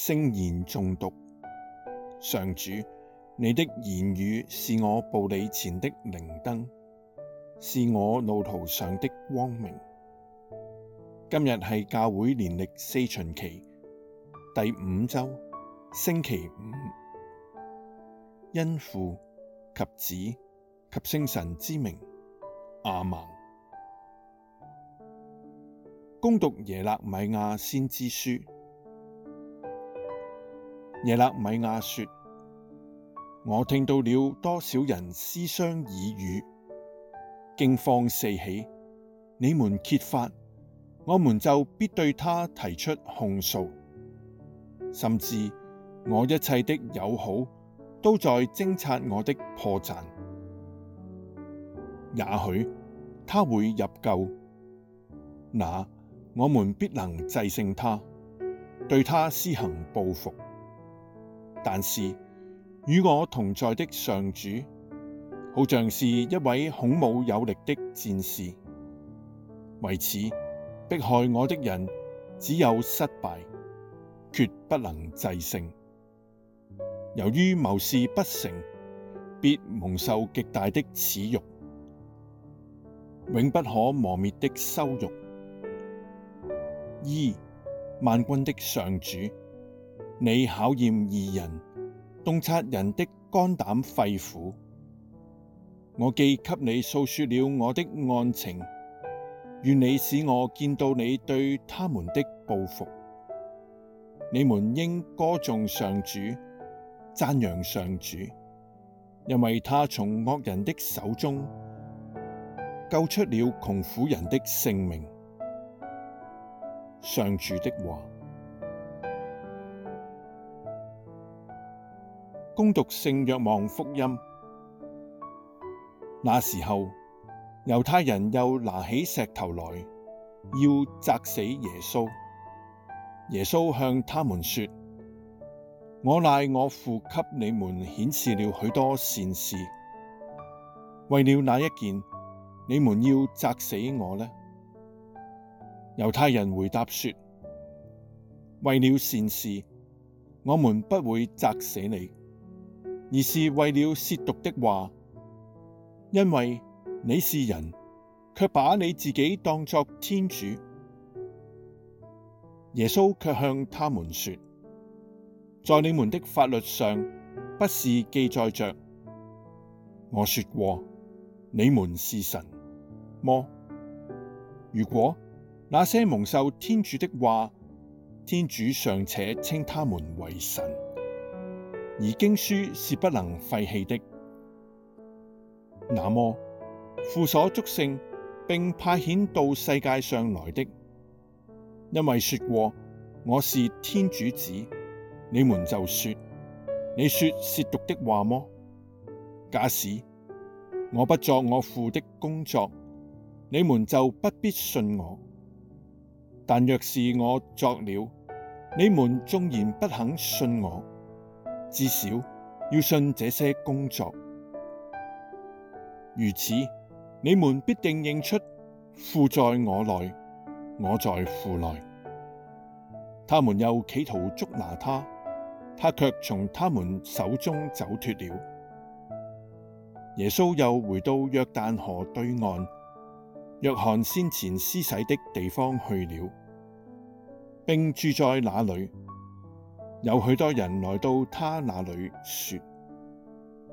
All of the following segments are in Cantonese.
聖言誦讀。上主，你的言語是我步履前的靈燈，是我路途上的光明。今日係教會年曆四旬期第五周星期五，因父及子及聖神之名，阿們。恭讀耶肋米亞先知書。耶肋米亞說：我聽到了多少人私相耳語，驚慌四起。你們揭發，我們就必對他提出控訴，甚至我一切的友好都在偵察我的破綻。也許他會入彀，那我們必能制勝他，對他施行報復。但是，與我同在的上主，好像是一位孔武有力的戰士，為此迫害我的人只有失敗，決不能制勝。由於謀事不成，必蒙受極大的恥辱，永不可磨滅的羞辱。噫萬軍的上主。你考驗義人，洞察人的肝膽肺腑。我既給你訴說了我的案情，願你使我見到你對他們的報復。你們應歌頌上主，讚揚上主，因為他從惡人的手中救出了窮苦人的性命。上主的話。恭讀聖若望福音。那時候，猶太人又拿起石頭來要砸死耶穌。耶穌向他們說：我賴我父給你們顯示了許多善事，為了那一件，你們要砸死我呢？猶太人回答說：為了善事，我們不會砸死你。而是為了褻瀆的話，因為你是人，卻把你自己當作天主。耶穌卻向他們說：在你們的法律上，不是記載着我說過你們是神麼？如果那些蒙受天主的話，天主尚且稱他們為神。而經書是不能廢棄的。那麼，父所祝聖，並派遣到世界上來的，因為說過我是天主子，你們就說：你說褻瀆的話麼？假使我不作我父的工作，你們就不必信我；但若是我作了，你們縱然不肯信我。至少要信這些工作，如此你們必定認出父在我內，我在父內。他們又企圖捉拿他，他却從他們手中走脱了。耶穌又回到約旦河對岸，若翰先前施洗的地方去了，並住在那裏。有許多人來到他那裏說：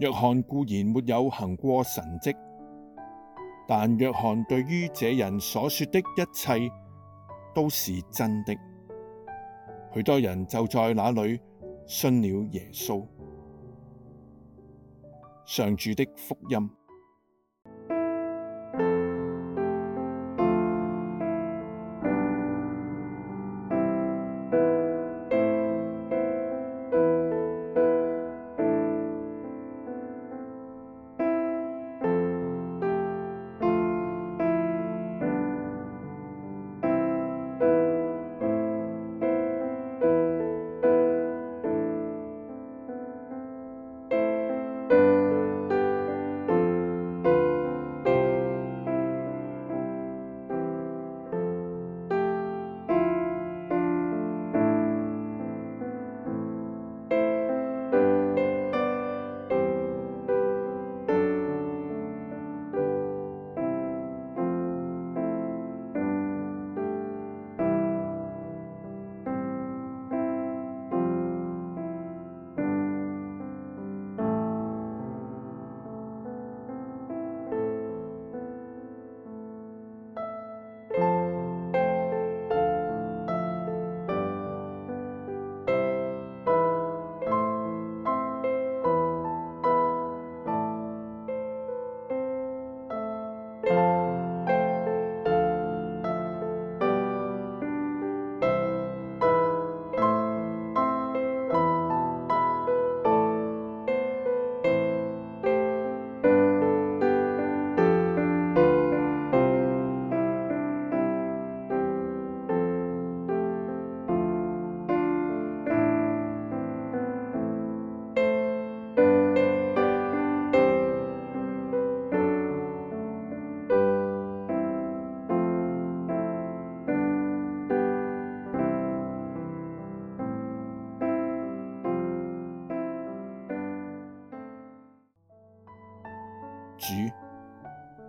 若翰固然沒有行過神跡，但若翰對於這人所說的一切，都是真的。許多人就在那裏信了耶穌。上主的福音。